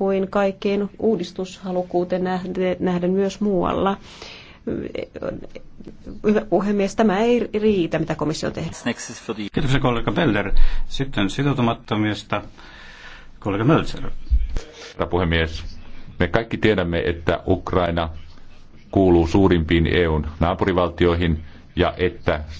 kuin kaikkiin uudistushalukkuuteen nähden myös muualla. Hyvä puhemies, tämä ei riitä, mitä komissio on tehnyt. Kiitoksia kollega Belder. Sitten sitoutumattomista kollega Mölzer. Herra puhemies, me kaikki tiedämme, että Ukraina kuuluu suurimpiin EUn naapurivaltioihin ja että